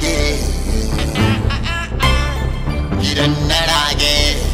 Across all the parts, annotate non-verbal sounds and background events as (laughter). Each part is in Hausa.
rage gidan na rage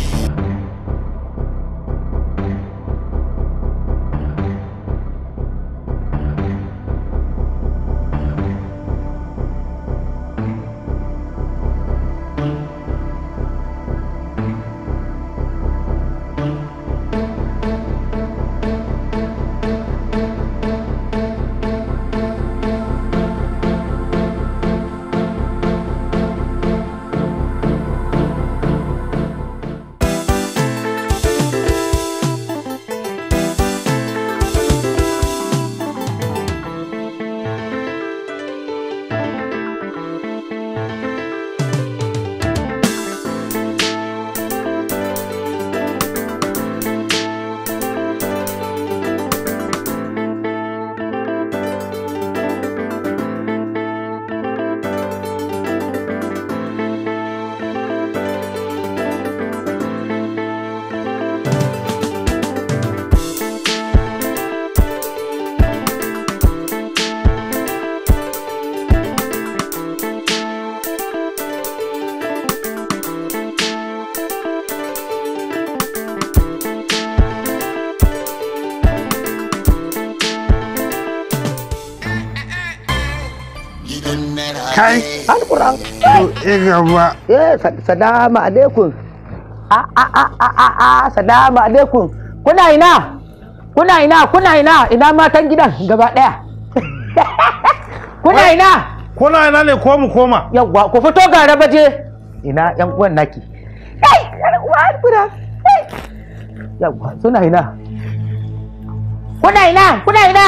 kai alquran to e gaba eh, eh salamu alaikum a a a a salamu alaikum kuna ina kuna ina kuna ina ina matan gidan gaba daya (laughs) kuna ina kuna ina ne ko mu koma yawa ku fito ga baje. ina yan uwan naki kai uwa alquran yawa suna ina kuna ina kuna ina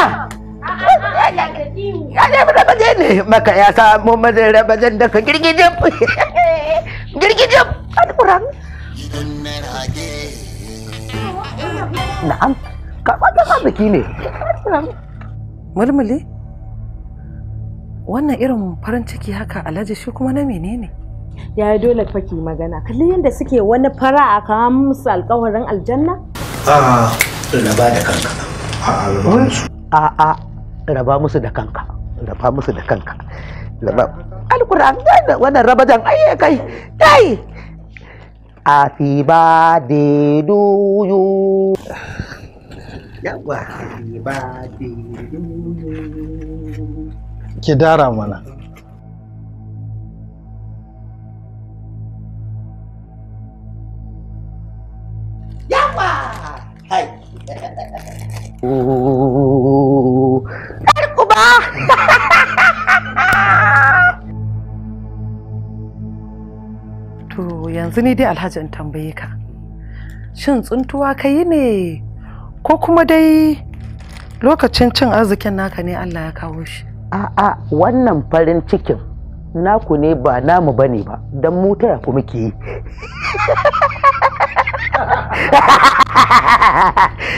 ya ne mu rabaje ne maka ya samu mazin rabajen da ka girgijin (laughs) girgijin alƙuran na'am karɓar da biki ne mulmuli wannan irin farin ciki haka alhaji shi kuma na menene ya yi dole faki magana kalli yadda suke wani fara a kawo musu alkawarin aljanna a ah, na ba da kanka ah, a a raba musu da kanka raba musu da kanka raba alquran wannan jan ai kai dai happy birthday to you yawa ba de du ki dara mana yawa hai Yar (laughs) To yanzu ni dai Alhaji in tambaye ka. Shin tsuntuwa ka yi ne ko kuma dai lokacin cin arzikin naka ne Allah ya kawo shi? A'a wannan farin cikin naku ne ba namu bane ba don mu tara ku yi. (laughs)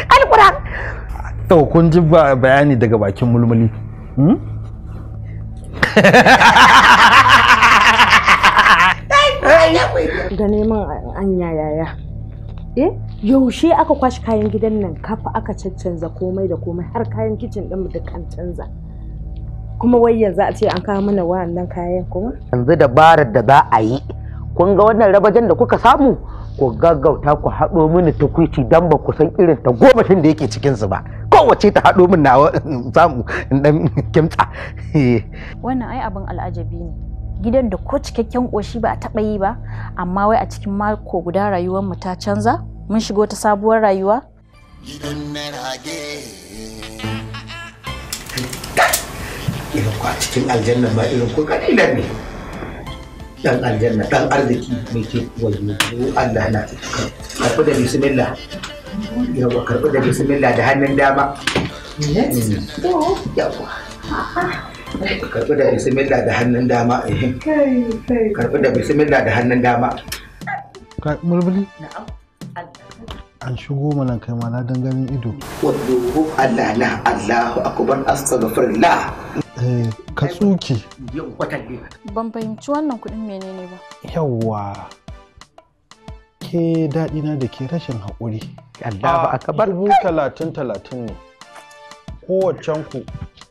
alquran to kun ji bayani daga bakin mulmuli hmm? da neman anya yaya eh yaushe aka kwashi kayan gidan nan kafa aka caccanza komai da komai har kayan kicin din duk an canza kuma wai yanzu a ce an kawo mana wa'annan kayan kuma yanzu dabarar da za a yi kun ga wannan rabajen da kuka samu ku gaggauta ku haɗo mini tukwici don ba ku san irin ta gomashin da yake su ba kowace ta haɗo min na samu (laughs) in ɗan kimtsa (laughs) wannan ai abin al'ajabi ne gidan da ko cikakken ƙoshi ba a taɓa yi ba amma wai a cikin mako guda rayuwar mu ta canza mun shigo ta sabuwar rayuwa gidan irin ko a cikin aljanna ba irin ko kalilan ne dan aljanna dan arziki mai ke wayo Allah na karbi da bismillah yawa karbi da bismillah da hannun dama mm. yawa karbi da bismillah da hannun dama eh. karbi da bismillah da hannun dama mulmuli na'am an shigo mana kai ma na ganin ido wallahu Allah na Allahu akbar astaghfirullah eh ka tsuki ban fahimci wannan kuɗin menene ba yawwa ke daɗi na da ke rashin haƙuri Allahu ah, akbar dubu talatin talatin ne kowaccen ku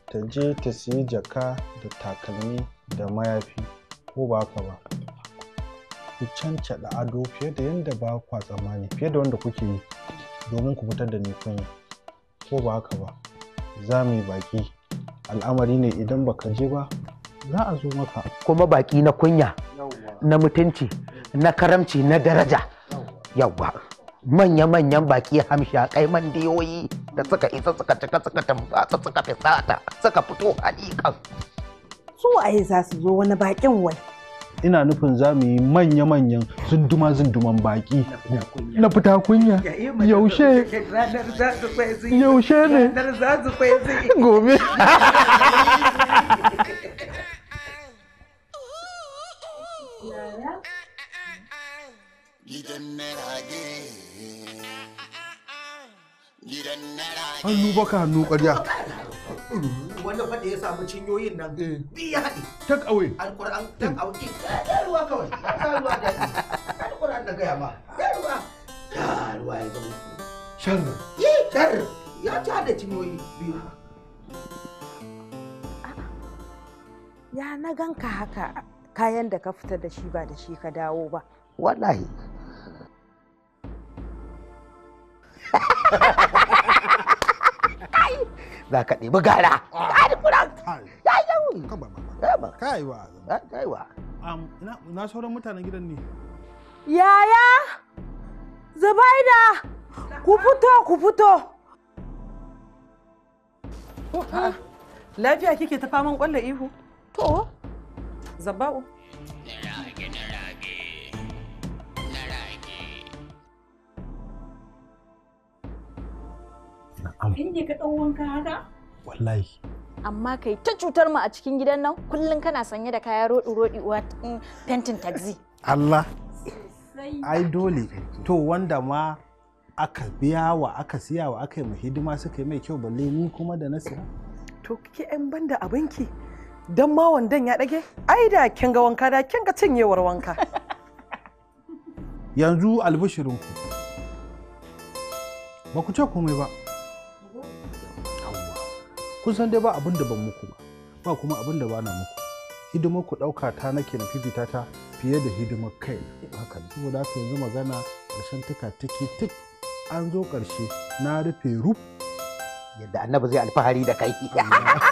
ta je ta siyi jaka da takalmi da mayafi ko ba haka ba ku da ado fiye da yadda ba kwa tsammani fiye da wanda kuke yi domin ku fitar da ni kunya ko ba haka ba za mu yi baki al'amari ne idan ba ka je ba za a zo maka kuma baki na kunya na mutunci na karamci na daraja yawa manya-manyan baki hamsha kai mandiyoyi da suka isa suka cika suka tambata suka fisata suka fito halikan su waye za su zo wani bakin wai ina nufin za mu yi manya-manyan zunduma zunduman baki na fita kunya yaushe yaushe ne gobe hannu baka hannu ƙarya wannan fa ya samu cinyoyin nan eh. duk ya haɗe take away alquran take hmm. away ya ruwa kawai ya ruwa da Alƙuran na gaya ma ya ruwa ya ruwa ya zama shar yi eh, shar ya ci da cinyoyi biyu ya na ganka haka kayan da ka fita da shi ba da shi ka dawo ba wallahi (laughs) kai za ka ɗebi gara ah. kai kuran ya yi yawon kaiwa kai wa na sauran mutanen gidan ne yaya zubaida ku fito ku fito ah. lafiya kike ta faman kwallo ihu to zabba'u Kai ne ka ɗau wanka haka? Wallahi. Amma kai ta cutar mu a cikin gidan nan kullum kana sanye da kaya roɗi-roɗi wa mm, fentin taxi. Allah. Ai dole. To wanda ma aka biya wa aka siya wa aka yi mu hidima suka yi mai kyau balle ni kuma da na siya. To kike ƴan banda abinki dan ma wandan ya ɗage ai da kin ga wanka da kin ga cinyewar wanka. Yanzu albishirinku. Ba ku ce komai ba. kun san dai ba abin da ban muku ba ba kuma abin da ba na muku hidimar ku ɗauka ta nake na fifita ta fiye da hidimar kai haka ne saboda haka yanzu magana ƙarshen tuka tiki tik an zo ƙarshe na rufe ruf yadda annabi zai alfahari da kai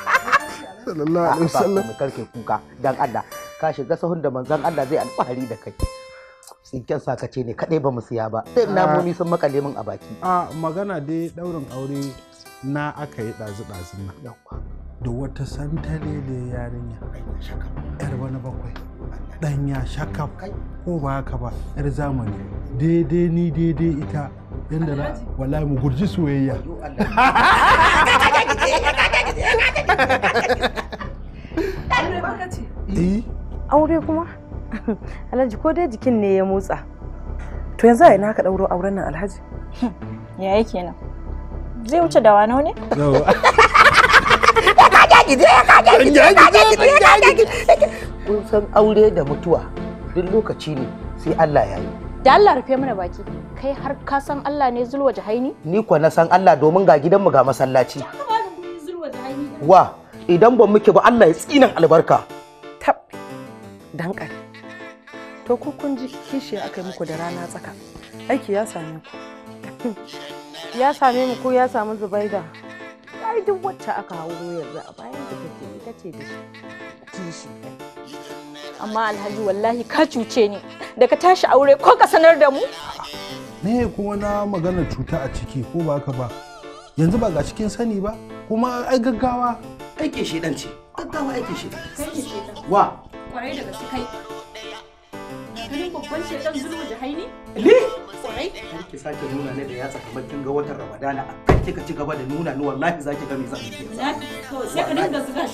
(laughs) sallallahu alaihi wasallam mu karke kuka dan Allah ka shiga sahun da manzon Allah zai alfahari da kai tsinken sakace ne kadai ba mu siya ba sai namomi sun makale min a baki a magana dai daurin aure na aka yi ɗazu-ɗazun nan da wata santare da yarinya yar wani bakwai ɗanya shakaf ko ba haka ba yar zamani daidai ni daidai ita yadda na wallahi mu gurji soyayya (laughs) eh? aure kuma alhaji ko dai jikin ne ya motsa to yanzu a ina ka ɗauro auren nan alhaji ya yake nan zai wuce da wano ne? kun san aure da mutuwa duk lokaci ne sai Allah ya yi. Da Allah rufe mana baki, kai har ka san Allah ne zulwa jahaini? Ni kuwa na san Allah domin ga gidanmu ga masallaci. Wa, idan ban muke ba Allah ya tsinan albarka. Tab, dankan. To ko kun ji kishi aka muku da rana tsaka. Aiki ya same ku. (laughs) ya same mu ko ya samu zubaida ai duk wacce aka hau yanzu a bayan da take ita ce da shi amma alhaji wallahi ka cuce ni da ka tashi aure ko ka sanar da mu me kuma na magana cuta a ciki ko ba ka ba yanzu ba ga cikin sani ba kuma ai gaggawa shi shedan ce gaggawa aike shedan wa kwarai da gaske kai ganin babban da haini? Ki sake nuna da yatsa kamar kin ga watan Ramadana kika ci gaba da nuna To sai ka dinga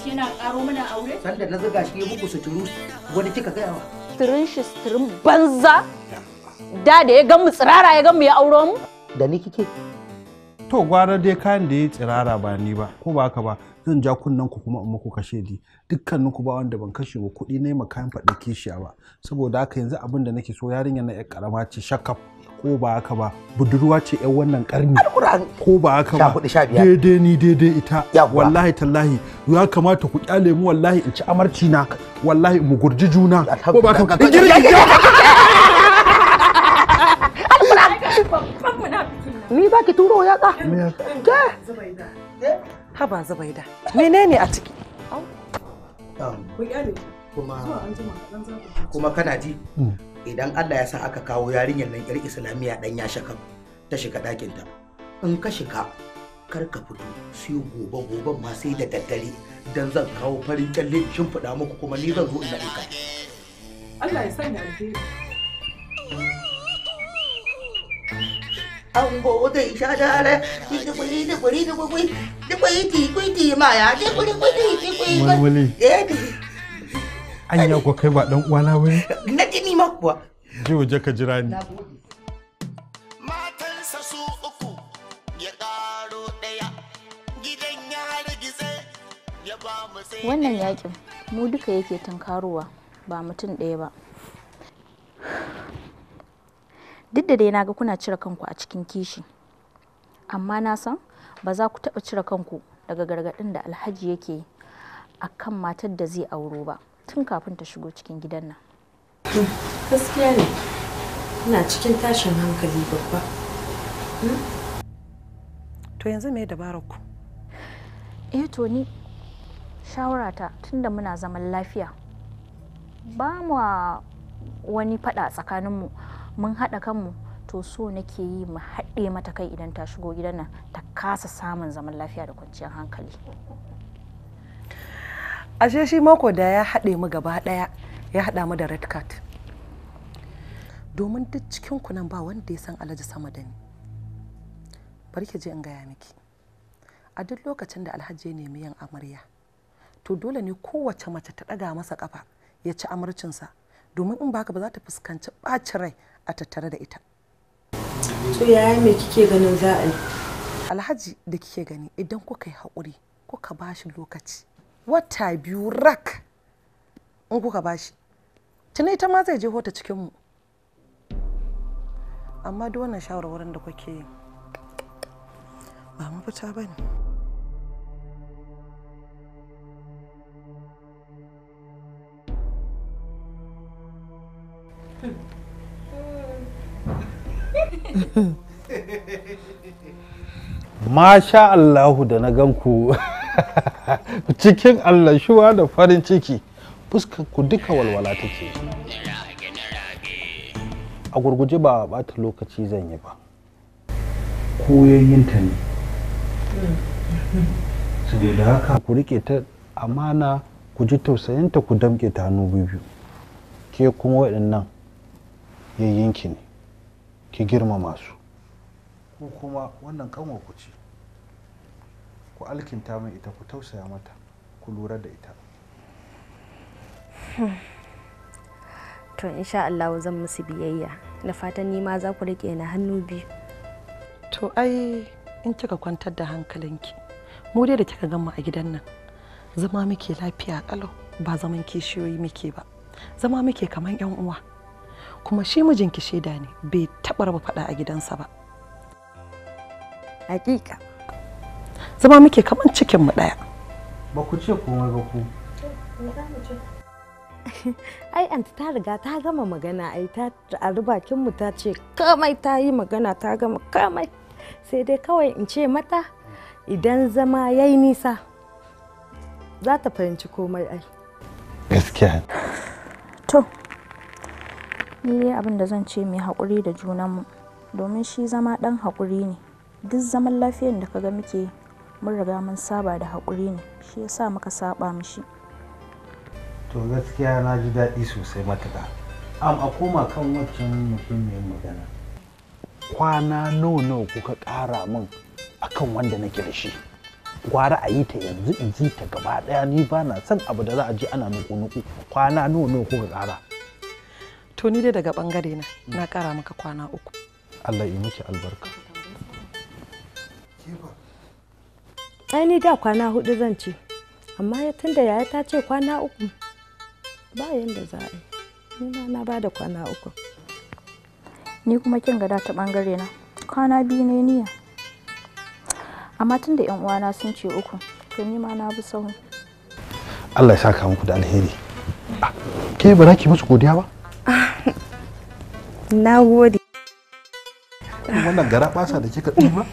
yana mana aure? Sanda na wani kika gaya wa? shi banza. Da da ya gan mu tsirara ya gan mu mu? Da ni kike? To gwara dai kayan da ya tsirara ba ni ba ko ba haka ba zan ja kunnen ku kuma in muku kashe di dukkanin ku ba wanda ban kashe ba kuɗi ne makayan faɗa kishiya ba saboda haka yanzu abin da nake so yarinya na yar karama ce shakaf ko ba haka ba budurwa ce yan wannan karni ko ba haka ba daidai ni daidai ita wallahi tallahi ya kamata ku kyale mu wallahi in ci amarci na wallahi mu gurji juna ko ba haka ni ba ki turo ya ka haba zubaida menene a ciki um, kuma kana ji hmm. idan Allah ya sa aka kawo yarinyar nan yar islamiyya dan ya shaka ta shiga ɗakin ta in ka shiga kar ka fito sai gobe gobe ma sai da daddare dan zan kawo farin kyalle shimfiɗa muku kuma ni zan zo in naɗe ka Allah ya sanya alheri gobe da isha da ala da da da da ma ya da an kai ba dan uwana bane na jini ma kuwa waje ka jira ni matansa su uku ya karo gidan ya ya ba mu sai wannan yakin mu duka yake tunkarowa ba mutum ɗaya ba duk da dai na ga kuna cire kanku a cikin kishi amma na san ba za ku taɓa cire kanku daga gargaɗin da alhaji yake a kan matar da zai auro ba tun kafin ta shigo cikin gidan nan gaskiya ne ina cikin tashin hankali babba hmm? to yanzu me dabarar ku eh to ni shawarata tunda muna zaman lafiya ba mu wani fada tsakaninmu mun haɗa kanmu to so nake yi mu haɗe mata kai idan ta shigo gidan nan ta kasa samun zaman lafiya da kwanciyar hankali ashe shi mako da ya haɗe mu gaba ɗaya ya haɗa mu da red card domin duk cikin ku nan ba wanda ya san alhaji sama da ni barke je in gaya miki a duk lokacin da alhaji ya nemi yin amarya to dole ne kowace mace ta ɗaga masa kafa ya ci amarcinsa domin in baka ba za ta fuskanci ɓacin rai a tattare da ita to yaya me kike ganin za a yi alhaji da kike gani idan kuka yi haƙuri kuka shi lokaci wata biyu rak in kuka bashi tuna ita ma zai je hota cikinmu amma duk wannan shawarwarin da kuke yi ba mafita ba ne you. Hmm. (laughs) Masha Allahu da na ku (laughs) cikin allashuwa da farin ciki ku duka walwala take. A gurguje ba bata lokaci zan yi ba. Koyon ta ne. su da haka ku rike ta amana ku ji tausayinta ku damke ta hannu biyu. Ke kuma waɗannan yayyinki ne. ki girmama su ko kuma wannan kanwa ku ce ku alkinta mai ita ku tausaya mata ku lura da ita hmm. to insha Allah zan musu biyayya na fatan ni ma za ku rike na hannu biyu to ai in kika kwantar da hankalinki mu dai da kika mu a gidan nan zama muke lafiya kalau ba zaman kishiyoyi muke ba zama muke kamar yan uwa kuma shi mijinki shaida ne bai taɓa raba faɗa a gidansa ba hakika zama muke kaman cikin mu ɗaya ba ku ce komai ba ku ai anti ta riga ta gama magana ai ta a bakin mu ta ce kamai ta yi magana ta gama kamai sai dai kawai in ce mata idan zama ya yi nisa za ta fahimci komai ai gaskiya to Ni dai abin da zan ce mai haƙuri da junanmu domin shi zama ɗan haƙuri ne. Duk zaman lafiyar da ka ga muke mun riga mun saba da haƙuri ne, shi ya sa muka saɓa mishi. To gaskiya na ji daɗi sosai matuƙa. Am a koma kan waccan mai magana. Kwana nawa nawa kuka ƙara min akan wanda nake da shi. gwara a yi ta yanzu in ji ta gaba ɗaya ni ba na son abu da za a je ana nuku-nuku kwana nawa nawa kuka ƙara. to ni dai daga bangare na na kara maka kwana uku Allah yi miki albarka ai ni da kwana hudu zan ce amma ya tunda yaya ta ce kwana uku ba yanda za a yi ni na ba da kwana uku ni kuma kin gada ta bangare na kwana biyu ne niya amma tunda yan uwana sun ce uku to ni ma na bi sahun Allah ya saka muku da alheri ah, ke ba za ki musu godiya ba na gode wannan gara da kika ɗiba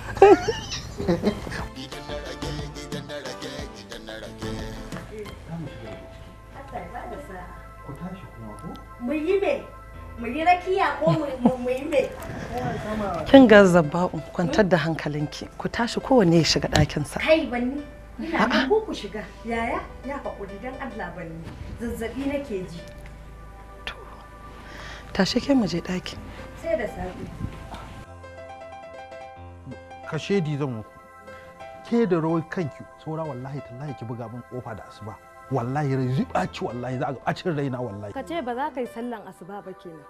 kin ga zabba'u kwantar da hankalinki ku tashi kowane ya shiga ɗakinsa kai banni ina ku shiga yaya ya haƙuri don allah banni nake ji tashe ke mu je daki sai da safi kashe shedi zan muku ke da rawar kanki saura wallahi tallahi ki buga min kofa da asuba wallahi rai baci wallahi za a ɓacin raina wallahi ka ce ba za ka yi sallan asuba ba kenan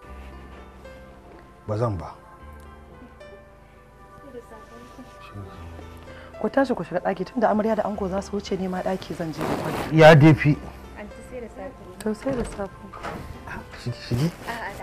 ba zan ba ku tashi ku shiga daki tunda amarya da ango za su wuce ne ma daki zan je ya defi to sai da safe shige shige a'a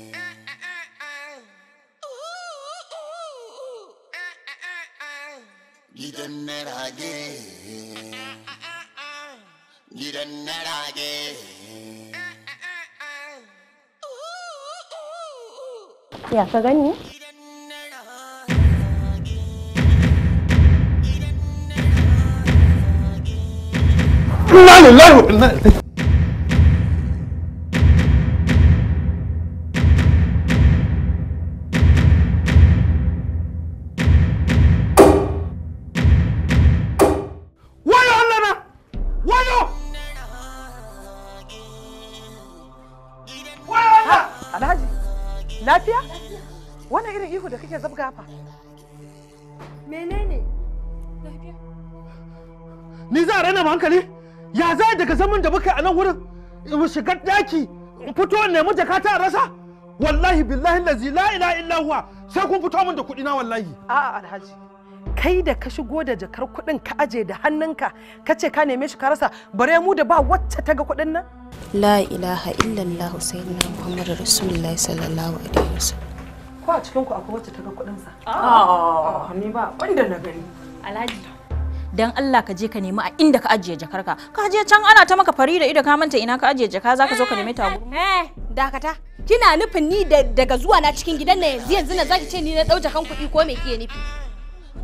gidan na rage gidan na rage ya ka menene lafiya ni za a raina hankali ya za daga zaman da muka a nan wurin shigar daki fito nemi jakata a rasa wallahi billahi lazi la ilaha illa huwa sai kun fito min da kuɗi na wallahi a'a alhaji kai da ka shigo da jakar kuɗin ka aje da hannunka ka ce ka neme shi ka rasa bare mu da ba wacce ta ga kuɗin nan la ilaha illallah sayyidina muhammadu rasulullahi sallallahu alaihi wasallam ko a cikin ku akwai wacce ta ga kuɗin sa a ah. ah, ni ba wanda na gani alhaji dan Allah ka je ka nemi a inda ka ajiye jakarka ka je can ana ta maka fari da ido ka manta ina ka ajiye jaka zaka zo ka nemi ta gurin eh, eh, eh dakata kina nufin ni daga zuwa na cikin gidan na yanzu yanzu na zaki ce ni na dauke kan kuɗi ko me kike nufi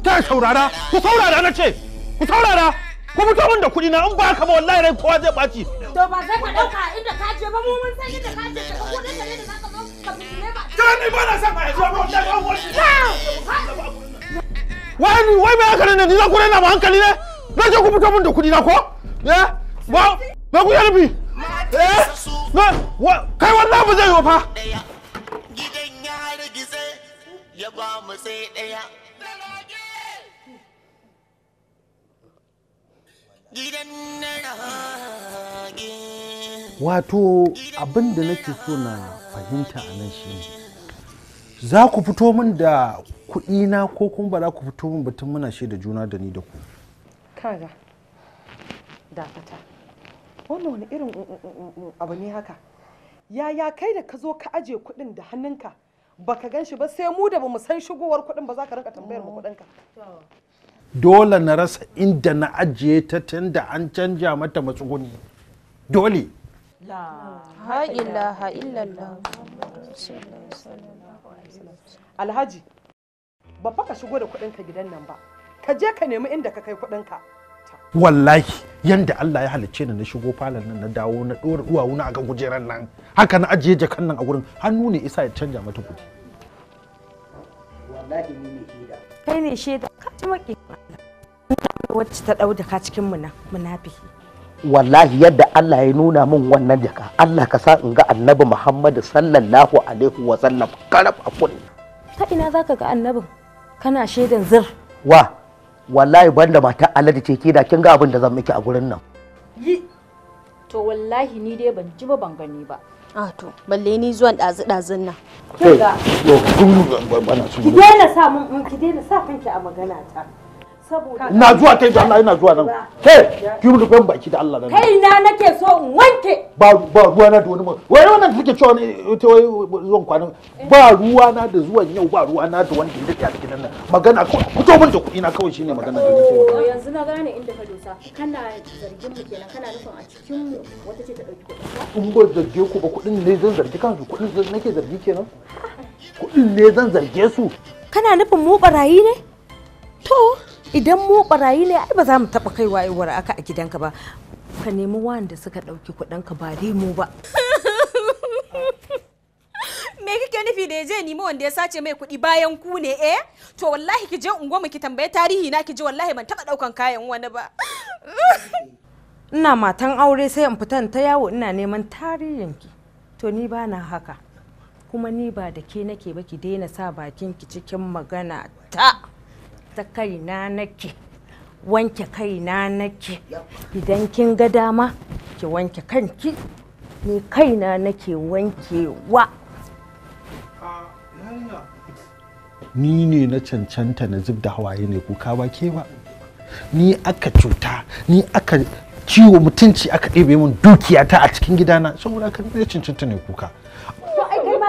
ta saurara ku saurara na ce ku saurara ku fito min da kuɗi na in ba ka ba wallahi rai kowa zai ɓaci to ba zai ka dauka inda ka je ba mu mun san inda ka je ka kuɗin da ne da ka wai ni wai mai hankalin nan ni za ku raina ma hankali ne na je ku fito da kuɗi na ko eh ba na ku yarbi eh kai wallahi ba zai yi fa gidan ya hargize ya ba mu sai daya wato abin da nake so na fahimta a nan shi za ku fito min da kudina ko kuma ba za ku fito min batun muna shi da juna da ni da ku kaga dakata wannan wani irin mm, mm, mm, abu ne haka yaya kai da ka zo ka aje kuɗin da hannunka baka gan shi ba sai mu da mu san shigowar kuɗin ba za ka rinka tambayar mu kuɗinka dole na rasa inda na ajiye ta tunda an canja mata matsuguni dole alhaji ba fa ka shigo da kuɗinka gidan nan ba ka je ka nemi inda ka kai kuɗinka wallahi yanda Allah ya halicce ni na shigo falon nan na dawo na dora duwawu na akan gujeran nan haka na ajiye jakan nan a gurin hannu ne isa ya canja mata kudi wallahi ni ne kai ne shaida ka ci maki wacce ta ɗau jaka cikin muna munafiki wallahi yadda Allah ya nuna min wannan jaka Allah ka sa in ga annabi Muhammadu sallallahu alaihi wa sallam karab a kunni ta ina zaka ga annabin kana shaidan zir wa wallahi banda mata alade ce ke da kin ga abin da zan miki a gurin nan yi to wallahi ni dai ban ji ba ban gani ba A ah, to, balle ni zuwan ɗazu-ɗazun nan. ki ga? Ki daina sa mun ki daina sa kanki a magana ta. na zuwa kai da Allah ina zuwa nan ke ki mu rufin baki da Allah nan kai na nake so in wanke ba ba ruwa na da wani wai wannan da take cewa ne ta wai zuwan kwanan ba ruwa na da zuwan yau ba ruwa na da da yake a cikin nan magana ko fito min da kuɗi na kawai shine magana da nake yanzu na gane inda ka dosa kana zargin mu kenan kana nufin a cikin mu wata ce ta dauki kuɗi in ba zarge ku ba kuɗin ne zan zargi kansu kuɗin nake zargi kenan kuɗin ne zan zarge su kana nufin mu barayi ne to idan mu barayi ne ai ba za mu taɓa kaiwa wara aka a gidanka ba ka nemi wanda suka ɗauki kuɗinka ba dai mu ba (laughs) me kike nufi da ya je nima wanda ya sace mai kuɗi bayan ku ne eh to wallahi ki je ungo ki tambaye tarihi na ki je wallahi ban taɓa ɗaukan kayan wani ba (laughs) ina matan aure sai in fitan ta yawo ina neman tarihin ki to ni ba na haka kuma ni ba da ke nake ba ki daina sa bakin ki cikin magana ta ta kaina nake wanke kaina nake idan kin ga dama ki wanke kanki ni kaina nake wankewa ni ne na cancanta na zub da hawaye ne kuka ba ke ba ni aka cuta ni aka ciwo mutunci aka ɗebe min dukiyata a cikin gidana saboda kan ne cancanta ne kuka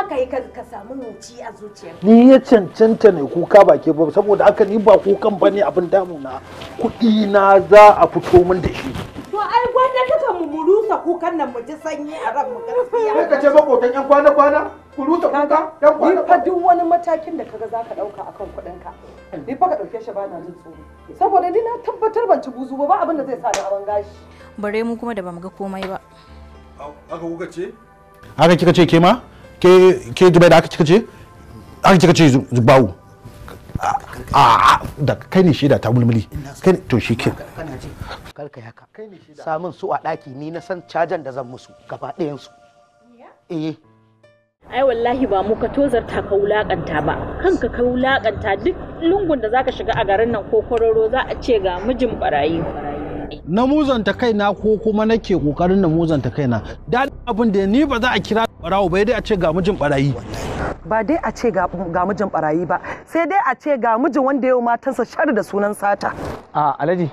ka yi ka samu nuci a zuciya ni ya cancanta ne kuka baki ba saboda haka ni ba kukan ba ne abin damuna kuɗi na za a fito min da shi to ai gwanda kaka mu mu rusa kukan nan mu ji sanyi a ran mu gaskiya kai ka ce makotan yan kwana kwana ku rusa kuka yan kwana Ni fa duk wani matakin da kaga zaka dauka akan kuɗin ka ni fa ka dauke shi ba na jin tsoro saboda ni na tabbatar ban ci buzu ba ba abin da zai sa ni a bangashi bare mu kuma da bamu ga komai ba haka kuka ce haka kika ce ke ma ke ke dubai da aka cika ce aka cika ce zubawu kai ne shaida ta mulmuli kai to shi ke karka haka samun su a daki ni na san cajan da zan musu gaba ɗayan su eh ai wallahi ba mu ka tozarta ka wulakanta ba kanka ka wulakanta duk lungun da zaka shiga a garin nan ko kororo za a ce ga mijin barayi na muzanta kaina ko kuma nake kokarin na muzanta kaina da abin da ni ba za a kira barawo bai dai a ce ga mijin barayi ba dai a ce ga mijin barayi ba sai dai a ce ga mijin wanda yau matansa shar da sunan sata a alaji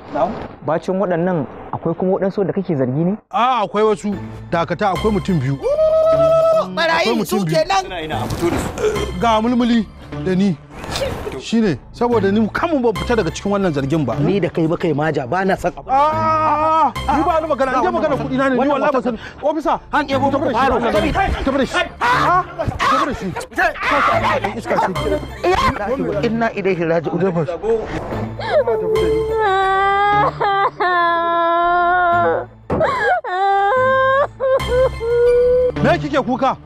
bacin waɗannan akwai kuma waɗansu da kake zargi ne a akwai wasu dakata akwai mutum biyu barayi su kenan ga mulmuli da ni shine saboda ni kamun ba fita daga cikin wannan zargin ba ni da kai ba kai maja ba na san a ah! ni ba ni magana ni magana kudi na ne ni wallahi ba san ofisa an ke mu faro ka bi ka shi ka shi iska ah! shi inna ilaihi raji'un da me kike kuka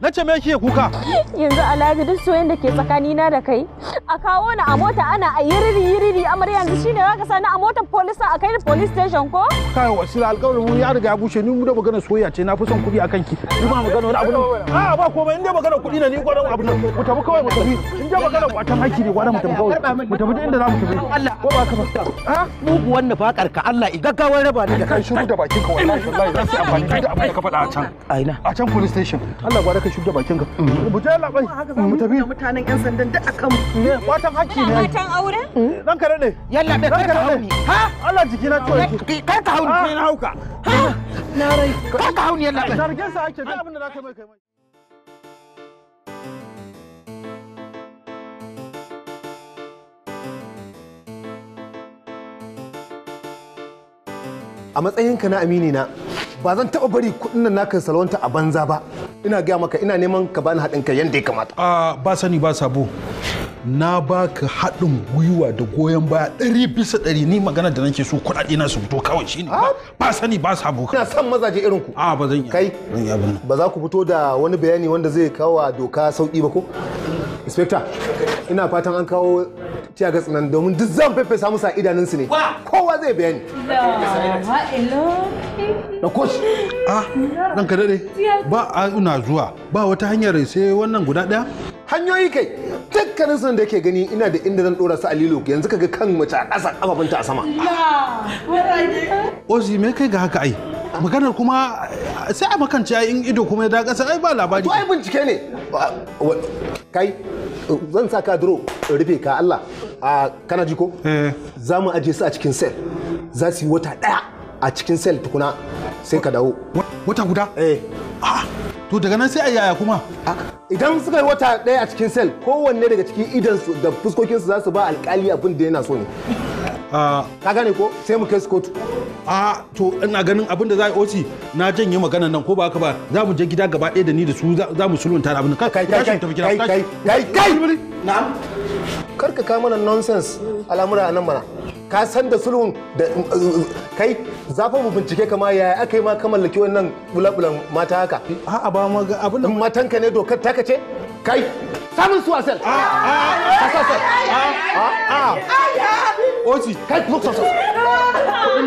na ce me kike kuka yanzu alhaji duk soyayyen da ke tsakanina da kai a kawo ni a mota ana a yiriri yiriri amar yanzu shine zaka sa ni a motar police a kai ni police station ko kai wasu alƙawarin mu ya riga ya bushe ni mu da magana soyayya ce na fi son kuɗi akan ki ni ba magana wani abu ne? a ba komai in dai magana kuɗi ne ni gwaran abu nan mu tafi kawai mu tafi in dai magana kwatan haki ne gwaran mu tafi kawai mu tafi inda za mu tafi Allah ko ba ka ba ha mugu wannan fakar ka Allah i gaggawar raba ni da kai shiru da bakin ka wallahi wallahi za su amfani da abin da ka faɗa a can a ina a can police station Allah gwara ka shiru da bakin ka mm-hmm. mu je labai mu tafi mutanen yan sandan da akan mu ne kwatan hakki ne matan aure dan kare ne yalla kai ka ha Allah jiki na kai ka na hauka ha na rai kai ka yalla zargin sa ake duk abin da mai kai a matsayinka na amini na ba zan taba bari kudin nan naka salwanta a banza ba ina gaya maka ina neman ka bani haɗin kai yadda ya kamata a ba sani ba sabo na baka haɗin gwiwa da goyon baya ɗari bisa ɗari ni magana da nake so kuɗaɗe na su fito kawai shine ba sani ba sabo ina son mazaje irin ku a ba zan iya kai ba za ku fito da wani bayani wanda zai kawo doka sauki ba ko inspector ina fatan an kawo tiya ga tsinan domin duk zan fefesa musu a idanunsu ne kowa zai bayani da coach ah dan ka dade ba a ina zuwa ba wata hanyar sai wannan guda daya hanyoyi kai dukkanin sun da yake gani ina da inda zan dora su alilo yanzu kaga kan mace a ƙasa kafafunta a sama ozi me kai ga haka ai maganar kuma sai a makance in ido kuma ya da kasa ai ba labari to ai bincike ne kai zan sa ka duro rufe ka Allah a kana ji ko eh. za mu aje su a cikin sel za su yi wata daya a cikin sel tukuna sai ka dawo wata guda eh to daga nan sai a yaya kuma idan suka yi wata daya a cikin sel kowanne daga cikin idan su da fuskokin su za su ba alkali abin da yana so ne Ah. ka gane ko sai mu kai su kotu a ah, to ina ganin abin da za a oci na janye magana nan ko ba haka ba za mu je gida gaba ɗaya da ni da su za mu sulunta da abin kai kai kai kai kai kai kai kai kai kar ka kawo mana nonsense al'amura a nan mana ka san da sulhun da uh, uh, kai zafin mu bincike kama yaya aka yi ma ka mallaki wannan bulabulan mata haka a'a ba ma abin da matanka ne dokar ta ce kai samun su a ah, ah, ah, ah, oji kai kudin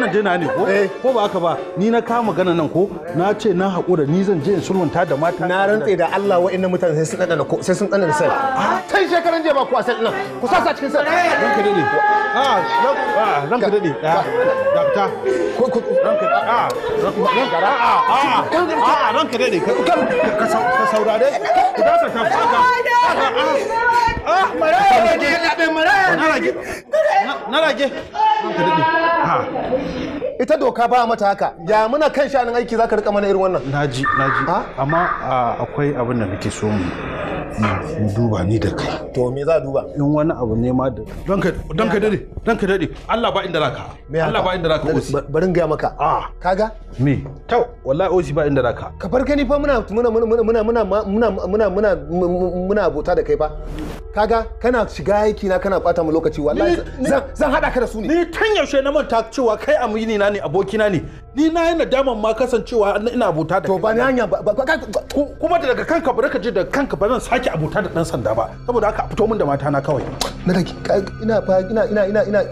nan na ne ko ko ba haka ba ni na kama magana nan ko na ce na haƙura ni zan je in sulwanta da mata na rantse da Allah wa'annan mutane sai sun ɗanɗana ko sai sun ɗanɗana shekaran jiya ba ku a nan ku sa sa cikin sel ranka dade a ranka dade dakta ko a Ah, ka saurare ku dasa ka na rage ita doka ba mata haka ya muna kan shanin aiki zaka rika mana irin wannan naji naji amma ah, akwai abin da muke so mu duba ni da kai to me za duba in wani abu ne ma da ranka ranka dade ranka dade Allah ba inda raka Allah ba inda raka osi bari in ga maka a kaga me to wallahi osi ba inda raka ka farka ni fa muna muna muna muna muna muna muna muna muna abota da kai fa kaga kana shiga aiki na kana bata mu lokaci wallahi zan hada ka da su ne ni tun yaushe na manta cewa kai amini na ne abokina ne ni na yi nadaman ma kasancewa ina abota da to ba ni hanya kuma daga kanka ba ka ji daga kanka ba zan sake abota da dan sanda ba saboda haka fito min da mata na kawai na kake ina fa ina ina ina ina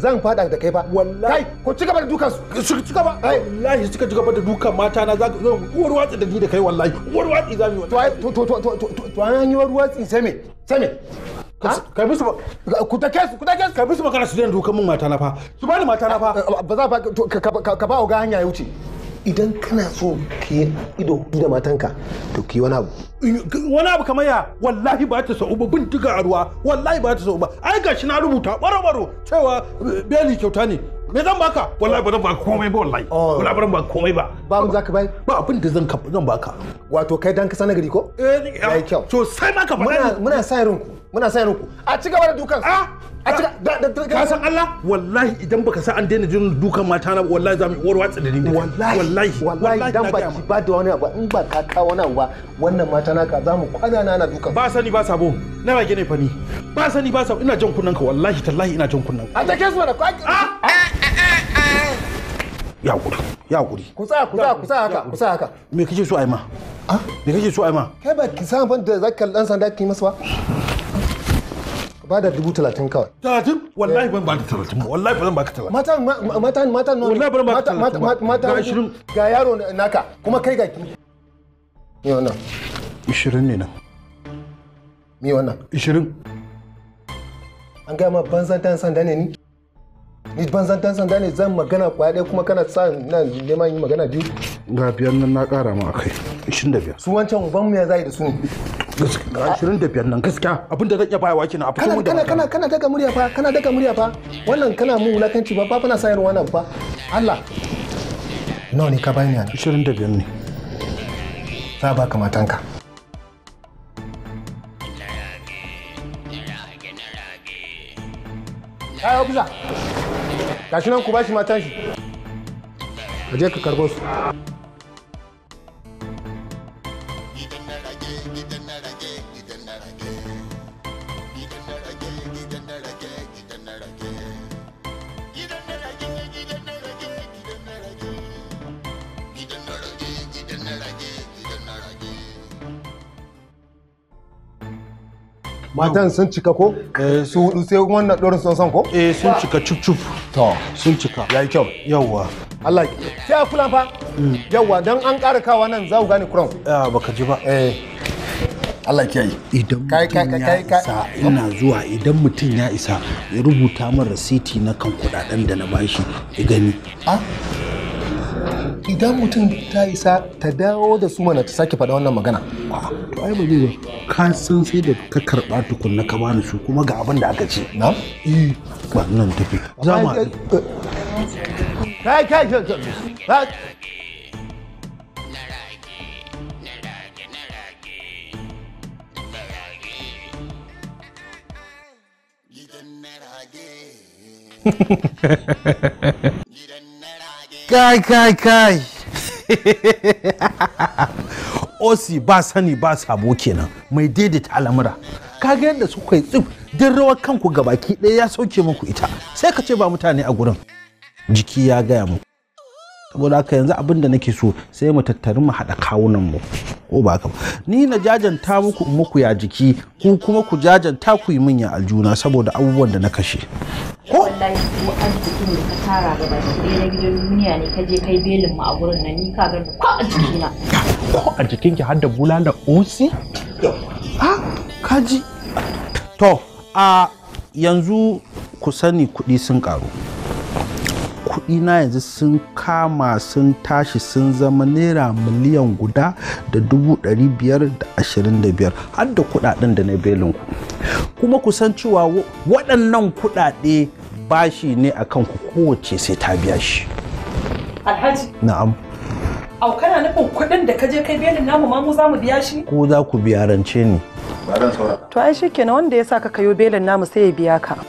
zan fada da kai ba wallahi ko ci gaba da dukan su ci gaba wallahi ci gaba da dukan mata na za ka zo uwar watsi da ni da kai wallahi uwar watsi za mu yi to to to to to an yi uwar watsi sai me sai me ka bi su ku take su ku take su ka bi su makara su dukan mun mata na fa su bani mata na fa ba za ka ba ga hanya ya wuce idan kana so ki ido da matanka to ki wani abu wani abu kamar ya wallahi ba ta sa'u ba bin diga a ruwa wallahi ba ta sa'u ba ai gashi na rubuta baro baro cewa eh, beli kyauta ne me zan baka wallahi ba zan baka komai ba wallahi oh. wallahi ba zan baka komai ba ba mun zaka bai ba abin da zan zan baka wato kai dan ka sanagari ko eh yayi kyau to sai maka faɗa muna muna sa irin muna sayar muku a ci gaba da dukan ah! a ci ah! ka san Allah wallahi idan baka sa an daina jin dukan mata na wallahi za mu watsa da ni wallahi wallahi wallahi dan ba ki ba da wani abu in ba ka ka wani abu ba wannan mata na ka za mu kwana na na dukan ba sani ba sabo na rage ne fa ni ba sani ba sabo ina jan kunnan ka wallahi tallahi ina jan kunnan a take su da kwaki ah! ya guri ya guri ku tsaya ku tsaya ku tsaya haka ku tsaya haka me kike so ai ma me kake so ai ma kai ba ki san ban da zakkan dan sanda ki masa ba ba da dubu talatin kawai talatin wallahi eh. ban ba da talatin ba wallahi ban ba ka talatin mata mata mata wallahi ban ba ka talatin mata ashirin ga yaro naka kuma kai ga ki mi wannan ishirin ne nan mi wannan ishirin an gaya ma banzan tan sanda ne ni ni banzan tan sanda ne zan magana kwaya ɗaya kuma kana sa na neman yi magana biyu ga biyan nan na ƙara ma akai 25 su wancan uban mu ya zai da su ne ashirin da biyar nan gaskiya abin da zan iya bayawa kenan a fito da kana kana kana daga murya fa kana daga murya fa wannan kana mu wulakanci ba fa na sayar wannan fa Allah nawa ne ka bani yana ashirin da biyar ne za ba ka matanka Ai, obza. Gashi nan ku bashi matan shi. Ka je ka karbo su. matan sun cika ko eh, su hudu sai wannan dorin sun san ko eh sun cika cuf cuf to sun cika yayi kyau yawwa Allah sai a kula fa mm. yawwa dan an ƙara kawa nan za ku gane kuran eh baka ji ba eh Allah yi. idan kai kai kai kai ina zuwa idan mutum ya isa ya rubuta min receipt na kan kudaden da na bashi ya gani ah idan mutum ta isa ta dawo da su mana ta sake faɗa wannan magana to ai ba zai ka san sai da ka karɓa tukunna ka bani su kuma ga abin da aka ce na eh wannan tafi za mu kai kai kai (laughs) kai kai kai (laughs) osi ba sani ba sabo kenan mai daidaita al'amura kaga yadda su kai tsif din rawar kanku gabaki ɗaya ya sauke muku ita sai ka ce ba mutane a gurin jiki ya gaya muku saboda haka yanzu abin da nake so sai mu tattari mu haɗa kawunan mu ko ba haka ni na jajanta muku in muku ya jiki ku kuma ku jajanta ku yi min ya aljuna saboda abubuwan da na kashe ko wallahi ko arzikin da ka tara gaba ɗaya na gidan duniya ne ka je kai belin mu a gurin nan ni ka gani ko a jikina ko a jikinki har da bulala osi ha kaji to a yanzu ku sani kuɗi sun ƙaru kuɗi na yanzu sun kama sun tashi sun zama naira miliyan guda da dubu ɗari biyar da ashirin da biyar har da kuɗaɗen da na belin ku. kuma san cewa waɗannan kuɗaɗe bashi ne a kan ku kowace sai ta biya shi alhaji na'am au kana nufin kuɗin da ka je kai belin namu ma mu za mu biya shi ko za ku biya rance ne to ai shikenan wanda ya sa ka kayo belin namu sai ya biya ka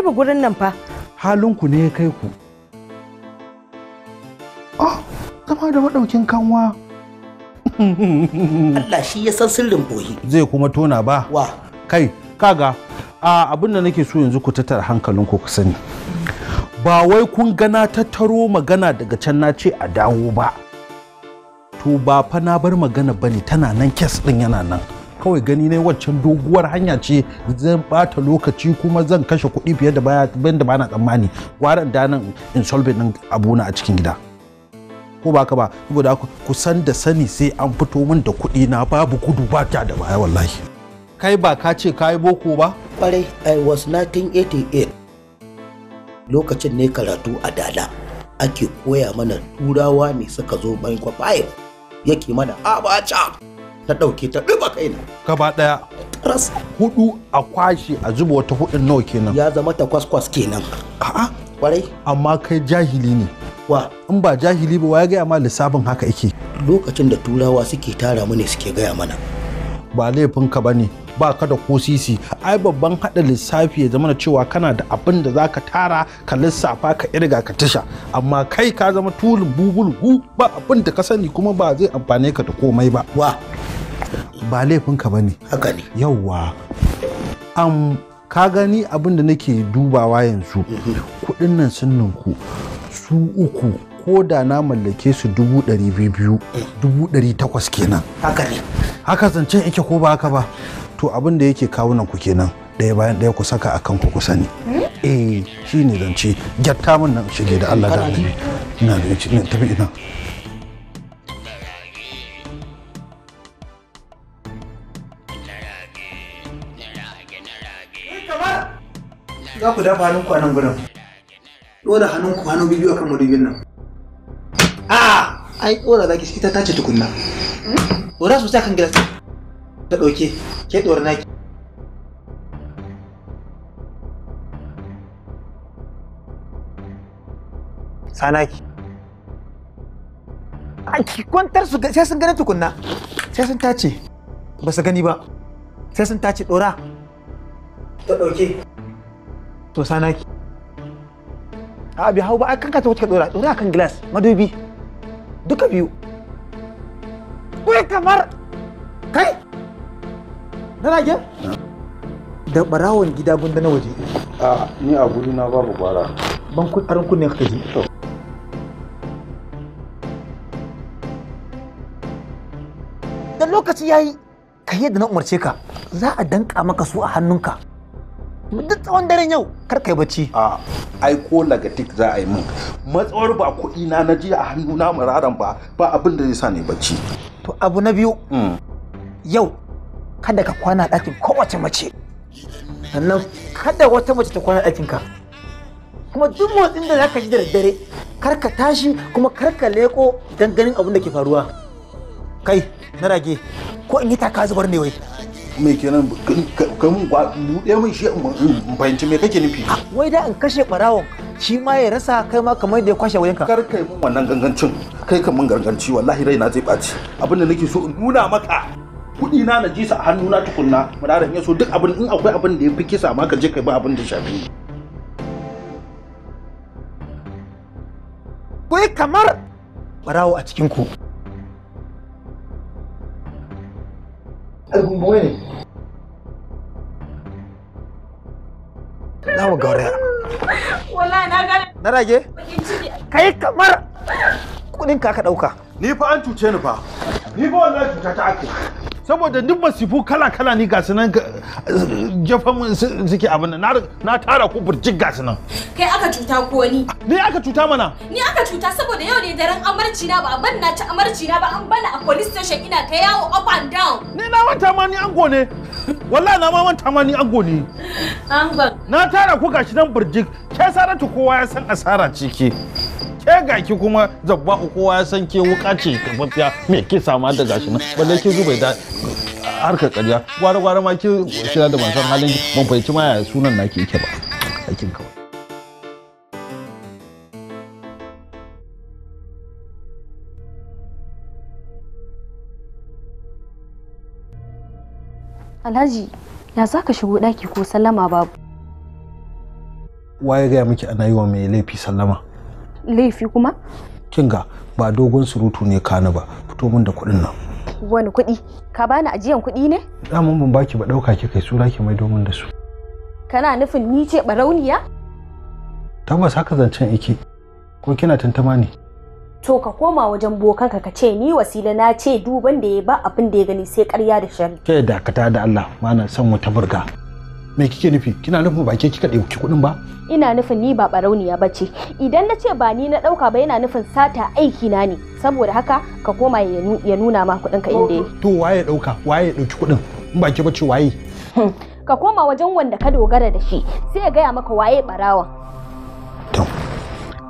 ɗaiba gurin nan fa. Halinku ne ya kai ku. Ah, zama da maɗaukin kanwa. (laughs) Allah shi ya san sirrin boye. Zai kuma tona ba. Wa. Kai, kaga, a abin da nake so yanzu ku tattara hankalinku ku sani. Ba wai kun gana tattaro magana daga can na ce a dawo ba. To ba fa na bar magana bane tana nan kes din yana nan. kawai gani ne waccan doguwar hanya ce zan bata lokaci kuma zan kashe kuɗi fiye da baya da bana tsammani gwaran da nan insolvent din abuna a cikin gida ko ba ka ba saboda kusan da sani sai an fito min da kuɗi na babu gudu ba ta da baya wallahi kai ba ka ce kai boko ba kwarai i was 1988 lokacin ne karatu a dala ake koya mana turawa ne suka zo bayan yake mana abacha ta ɗauke ta ɗuba kaina. Gaba ɗaya. Taras. Hudu a kwashe a zuba wata hudun nawa kenan. Ya zama ta kwaskwas kenan. A'a. Kwarai. Amma kai jahili ne. Wa. In ba jahili ba ya gaya ma lissafin haka yake. Lokacin da turawa suke tara mu ne suke gaya mana. Ba laifin ba ne. ba ka da ko sisi ai babban hada lissafi ya zama cewa kana da abin da za ka tara ka lissafa ka irga ka tisha. amma kai ka zama tulin bubulgu ba abin da ka sani kuma ba zai amfane ka da komai ba wa ba laifinka ba ne haka ne yawwa am ka gani abin da nake dubawa yanzu mhm. kudin nan sun ninku su uku ko da na mallake su dubu ɗari biyu dubu ɗari takwas kenan haka ne haka zance yake ko ba haka ba to abin da yake kawo nan ku kenan ɗaya bayan ɗaya ku saka akan ku kusa ne hmm? eh shine zance gyatta min nan shige da Allah da al-alami ina da tafi ina za ku dafa hannunku a nan gurin dora hannunku hannu biyu kan madubin nan Ah! ai dora zaki shi ta tace tukunna dora sosai kan gilas ta dauke ke dora naki sanaki aiki kwantar su sai sun gani tukunna sai sun tace ba su gani ba sai sun tace dora ta ɗauke. to sana ki a bi hau ba a kanka ta wuce dora dora kan glass madubi duka biyu kai kamar kai na rage da barawon gida gunda na waje a ni a gudu na babu bara ban kun aran kunne ka ji dan lokaci yayi ka yadda na umarce ka za a danka maka su a hannunka duk tsawon daren yau kar kai bacci a ai lagatik za a yi min matsawar ba kuɗi na na a hannu na mararan ba ba abin da zai sa ni bacci to abu na biyu mm. yau kada ka kwana ɗakin kowace mace sannan kada wata mace ta kwana ɗakin ka kuma duk motsin da za ka ji da daddare kar ka tashi kuma kar ka leko dan ganin abin da ke faruwa kai na rage ko in yi taka zubar ne wai me kenan ka mun buɗe mun shi in fahimci me kake nufi wai da in kashe ɓarawon shi ma ya rasa kai ma kamar da ya kwashe wajenka kar kai mun wannan gangancin kai mun wallahi raina zai ɓaci abinda nake so in nuna maka kuɗi na na ji a hannuna tukunna mu da so duk abin in akwai abin da ya fi kisa ma ka je kai ba abin da shafi kai kamar barawo a cikin ku no, no, ne na no, no, wala na no, no, no, kai kamar kudin ka ka ɗauka. Ni fa an cuce ni fa. Ni fa wannan cuta ta ake. Saboda duk masifu kala-kala ni gasu nan jefa mun suke abin nan na tara ku burjik gasu nan. Kai aka cuta ko ni? Ni aka cuta mana. Ni aka cuta saboda yau ne daren amarci na ba ban na ci amarci na ba an bana a police station ina ta yawo up and down. Ni na manta ma ni ango ne. Wallahi na ma manta ma ni ango ne. ba Na tara ku gashi nan burjik. Ke saratu kowa ya san asara ciki. ke gaki kuma zabba kowa ya san ke wuka ce kafafiya me ke sama da gashi nan balle ki zuba da harkar kariya gwara gwara ma ki shira da ban san halin ban fahimci ma ya sunan naki yake ba aikin kawai Alhaji, ya zaka shigo daki ko sallama babu? Waye gaya miki ana yi wa mai laifi sallama? laifi kuma kinga ba dogon surutu ne kani ba fito min da kuɗin nan wani kuɗi ka bani ajiyan kuɗi ne daman ban baki ba ɗauka ki kai sura ki mai domin da su kana nufin ni ce barauniya tabbas haka zancen yake ko kina tantama ne to ka koma wajen bokanka ka ce ni wasila na ce duban da ya ba abin da ya gani sai karya da shari ke dakata da Allah mana san son wata burga me kike nufi kina nufin ba ke kika ɗauki kuɗin ba ina nufin ni ba barauniya ba ce idan na ce ba ni na ɗauka ba yana nufin sata aiki na ne saboda haka ka koma ya nuna ma kuɗin ka inda to waye ɗauka waye ya ɗauki kuɗin in ba ke bace waye hmm. ka koma wajen wanda ka dogara da shi sai ya gaya maka waye barawan to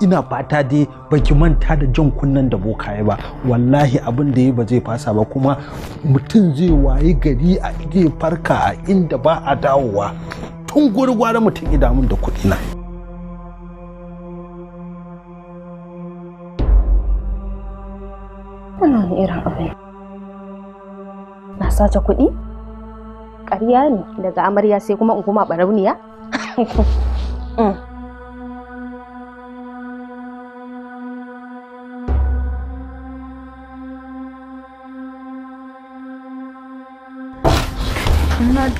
ina fata dai baki manta da jan kunnen da ya ba wallahi abin da ya ba zai fasa ba kuma mutum zai wayi gari a zai farka a inda ba a dawowa tun gwargwara mutum idamun da kuɗi na. irin abin. Na sace kuɗi? Ƙarya ne daga amarya sai kuma in koma ɓarauniya? (laughs) Hmm.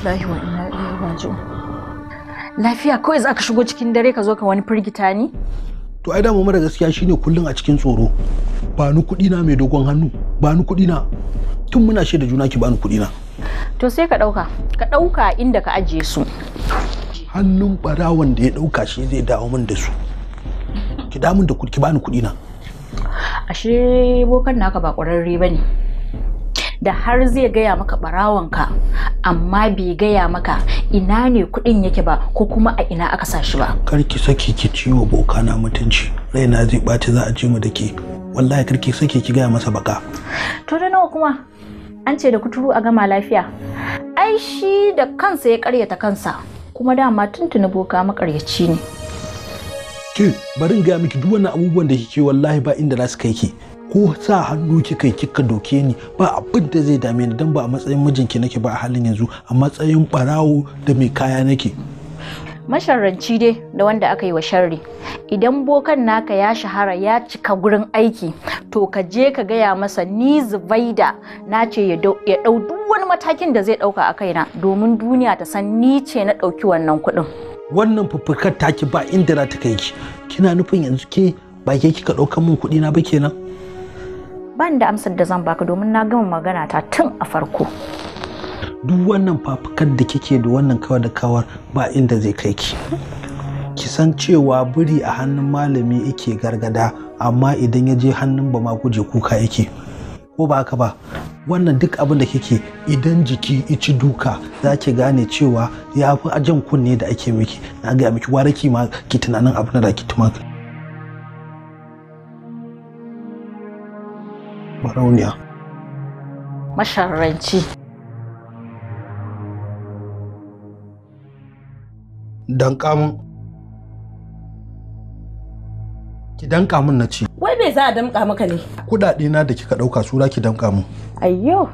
lillahi wa inna ilaihi raji'un lafiya kawai za ka shigo cikin dare ka zo ka wani firgita ni to ai damu mara gaskiya shine kullun a cikin tsoro ba ni kuɗi na mai dogon hannu ba ni kuɗi na tun muna shaida juna ki ba ni kuɗi na to sai ka ɗauka ka ɗauka inda ka ajiye su hannun ɓarawon da ya ɗauka shi zai dawo min da su ki damun da ki bani kuɗi na ashe bokan naka ba ƙwararre ba ne da har zai gaya maka barawanka amma bai gaya maka ina ne kuɗin yake ba ko kuma a ina aka sa shi ba karki saki ki ciwo boka na mutunci raina zai ɓaci za a ji mu da ke wallahi karki saki ki gaya masa baka to da nawa kuma an ce da kuturu a gama lafiya ai shi da kansa ya karyata kansa kuma dama tuntuni boka makaryaci ne ki bari in gaya miki duk wannan abubuwan da kike wallahi ba inda za su kai ki ko sa hannu kika yi kika doke ni ba abin da zai dame ni dan ba a matsayin mijinki nake ba a halin yanzu a matsayin barawo da mai kaya nake masharranci dai da wanda aka yi wa sharri idan bokan naka ya shahara ya cika gurin aiki to ka je ka gaya masa ni zubaida na ce ya dau duk wani matakin da zai dauka a kaina domin duniya ta san ni ce na dauki wannan kuɗin wannan fufukar taki ba inda za ta kai ki kina nufin yanzu ke ba ke kika ɗaukar min kuɗi na ba kenan ban da amsar da zan baka domin na gama magana ta tun a farko duk wannan fafukar da kike da wannan kawar da kawar ba inda zai kai ki ki san cewa biri a hannun malami yake gargada amma idan ya je hannun ba ma guje kuka yake ko ba haka ba wannan duk abin da kike idan jiki ici duka za ki gane cewa ya fi ajan kunne da ake miki na gaya miki ware ma ki tunanin abin da ki tumaka barauniya masharranci dan kamun ki dan kamun na ce wai me za a damka maka ne kuɗaɗe na da kika dauka sura ki damka mun ayyo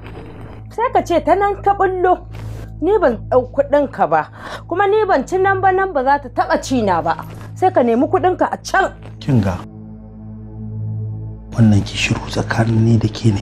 sai ka ce ta nan ta bullo ni ban ɗau ka ba kuma ni ban ci nan ba nan ba za ta taɓa cina ba sai ka nemi kuɗinka a can kinga wannan ki shiru tsakanin ni da ke ne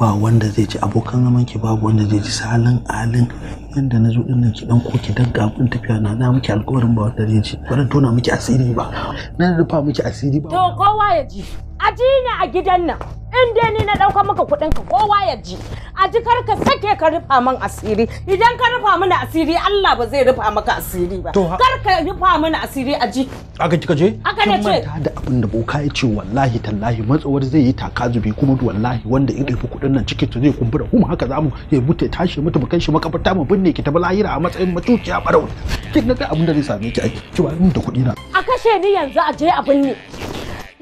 ba wanda zai ci abokan zaman ki babu wanda zai ci salin alin yanda na zo dinnan ki dan koki dan gabin tafiya na na miki alƙawarin ba wanda zai ji ba tona miki asiri ba na rufa miki asiri ba to kowa ya ji aji ni a gidan nan. In dai ni na ɗauka maka kudin ka kowa ya ji. A ji kar ka sake ka rufa min asiri. Idan ka rufa min asiri Allah ba zai rufa maka asiri ba. Kar ka rufa min asiri a ji. Aka kika je? Aka ne ce. Kin da abin da boka ya ce wallahi tallahi matsawar zai yi taka zubi kuma wallahi wanda in ɗauki kudin nan cikin ta zai kumbura kuma haka za mu ya mutu tashi mutu bakan kai shi makabarta mu binne ki ta balahira a matsayin matuciya barau. Kin ga abin da zai same ki ai. Ki ba da kuɗi na. A kashe ni yanzu a je a binne.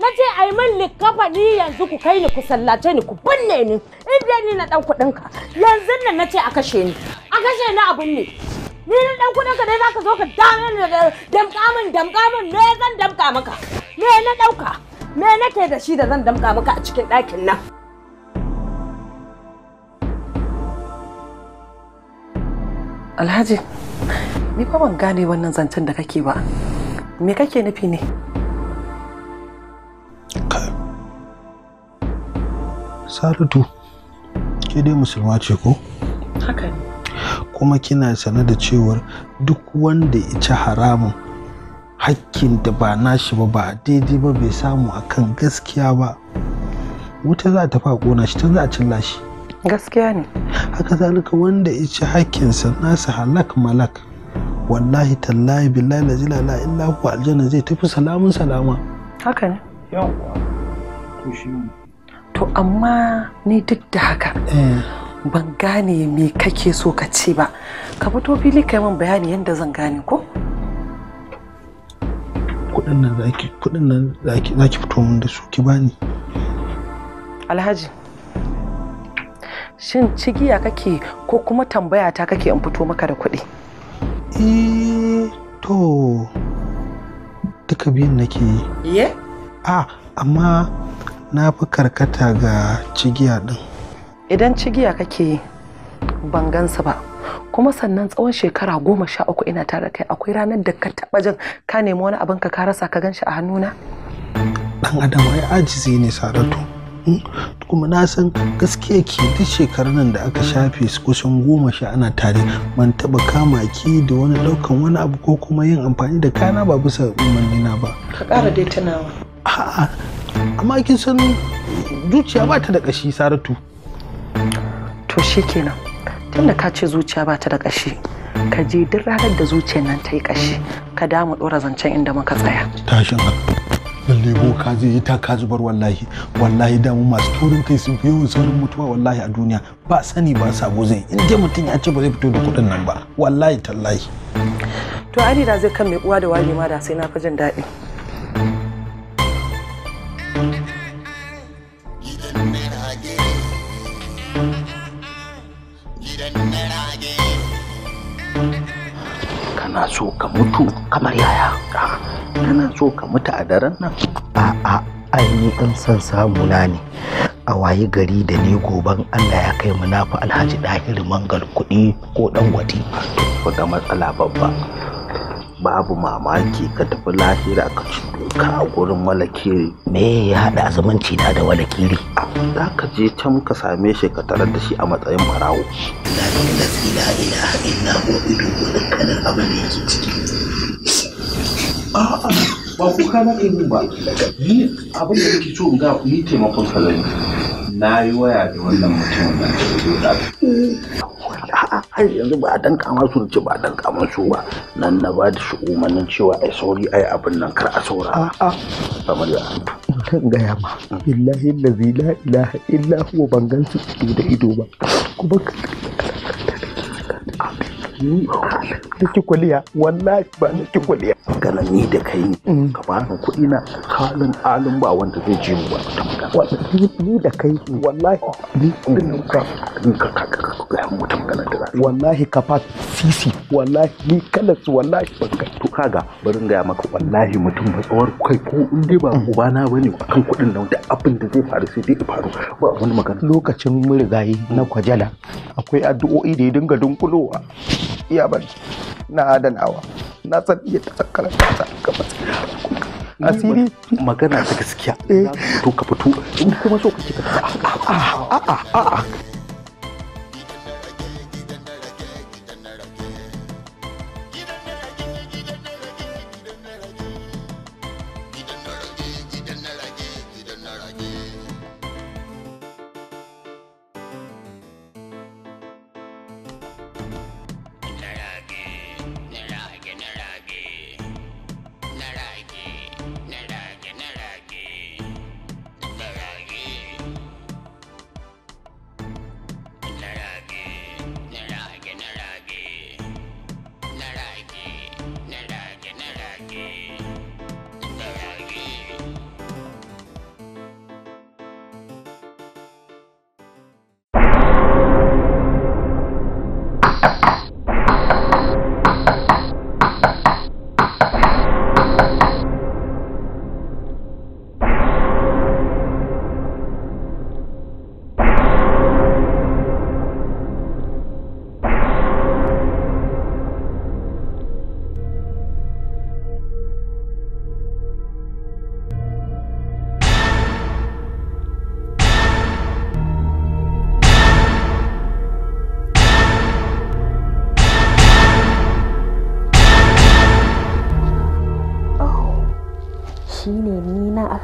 na ce ai min likafa ni yanzu ku kai ni ku sallace ni ku binne ni in dai ni na dan kudin ka yanzu nan na ce a kashe ni a kashe ni abun ne ni na dan kudin ka dai zaka zo ka dame ni da damƙa min damƙa min me zan damƙa maka me na ɗauka me nake da shi da zan damƙa maka a cikin ɗakin nan Alhaji, ni fa ban gane wannan zancen da kake ba. Me kake nufi ne? Saratu, ke dai musulma ce ko? Haka ne. Kuma kina sane da cewar duk wanda ya ci haramun hakkin da ba nashi ba ba daidai ba bai samu akan gaskiya ba. Wuta za ta na shi ta za a cilla shi. Gaskiya ne. Haka zalika wanda ya ci hakkinsa nasa halak malak. Wallahi tallahi billahi la zila la illa huwa aljanna zai tafi salamun salama. Haka ne. Yawwa. To shi ne. to amma ni duk da haka eh. ban gane me kake so ka ce ba ka fito fili kai min bayani yadda zan gane ko kudin nan zaki kudin nan zaki zaki fito min da su ki bani alhaji shin cigiya kake ko kuma tambaya ta kake in fito maka da kuɗi eh to duka biyan nake yi eh ah, a amma na fi karkata ga cigiya din. idan cigiya kake yi ban gansa ba kuma sannan tsawon shekara goma sha uku ina tare kai akwai ranar da ka taba jin ka nemi wani abin ka rasa ka ganshi a hannuna dan adam wai ajizi ne saratu hmm? kuma na san gaskiya ke duk shekarun nan da aka shafe su kusan goma sha ana tare ban taba kama ki da wani daukan wani abu ko kuma yin amfani da kana ba bisa umarnina ba ka kara dai tunawa a'a amma kin san zuciya ba ta da ƙashi saratu to shi kenan tunda ka ce zuciya ba ta da ƙashi ka je duk ranar da zuciyar nan ta yi ƙashi ka damu ɗora zancen inda muka tsaya tashin lalle ka zai yi ka zubar wallahi wallahi damu masu taurin kai sun fi yawan saurin mutuwa wallahi a duniya ba sani ba sabo zai in dai mutum ya ce ba zai fito da kuɗin nan ba wallahi tallahi to adida zai kan mai uwa da wage ma da sai na fi jin daɗi kana so ka mutu kamar yaya kana so ka mutu a daren nan a'a ainihin son samu ne a wayi gari da ni goban Allah ya kai mu na fi alhaji ɗahiri mangal kuɗi ko ɗan ko da matsala babba babu mamaki ka tafi lahira ka ci doka a gurin walakiri me ya haɗa zumunci na da walakiri za ka je can ka same shi ka tarar da shi a matsayin marawo la ina illa huwa ido wannan kanin abin da yake ciki a'a ba kuka na kai ba ni abin da nake so in ga ni taimakon ka zai na yi waya da wannan mutumin nan da ke da har yanzu ba a danka masu ce ba a danka masu ba nan na ba da shi umarnin cewa ai sauri ai abin nan kar a saura a'a amarya kan gaya ma billahi la ilaha illa huwa ban gansu ido da ido ba kuma ni nake kwaliya wallahi ba nake kwaliya magana ni da kai ne mm. ka ba ni kuɗi na halin alin ba wanda zai ji mu ba ta magana ni da kai wallahi ni din ka ka ka ka ga mu ta magana da wallahi ka fa sisi wallahi ni kalas wallahi ban ka to kaga barin ga maka wallahi mutum ba tsawar kai ko in dai ba mm. ubana bane kan kuɗin nan da abin da zai faru sai dai faru ba wani magana lokacin murigayi na kwajala akwai addu'o'i da ya dinga dunkulowa iya bari na adanawa na san iya ta karanta ta gaba asiri magana ta gaskiya eh. to ka fito in kuma so kake ka a a a a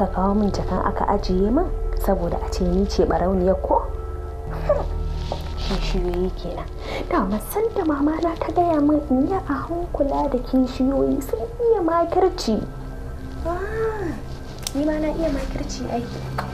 aka kawo min jakan aka ajiye min saboda a ce ni ce barauniya ko kishiyoyi kenan dama san da mama na ta gaya min in yi a hankula da kishiyoyi sun iya makirci ah, ni ma na iya makirci ai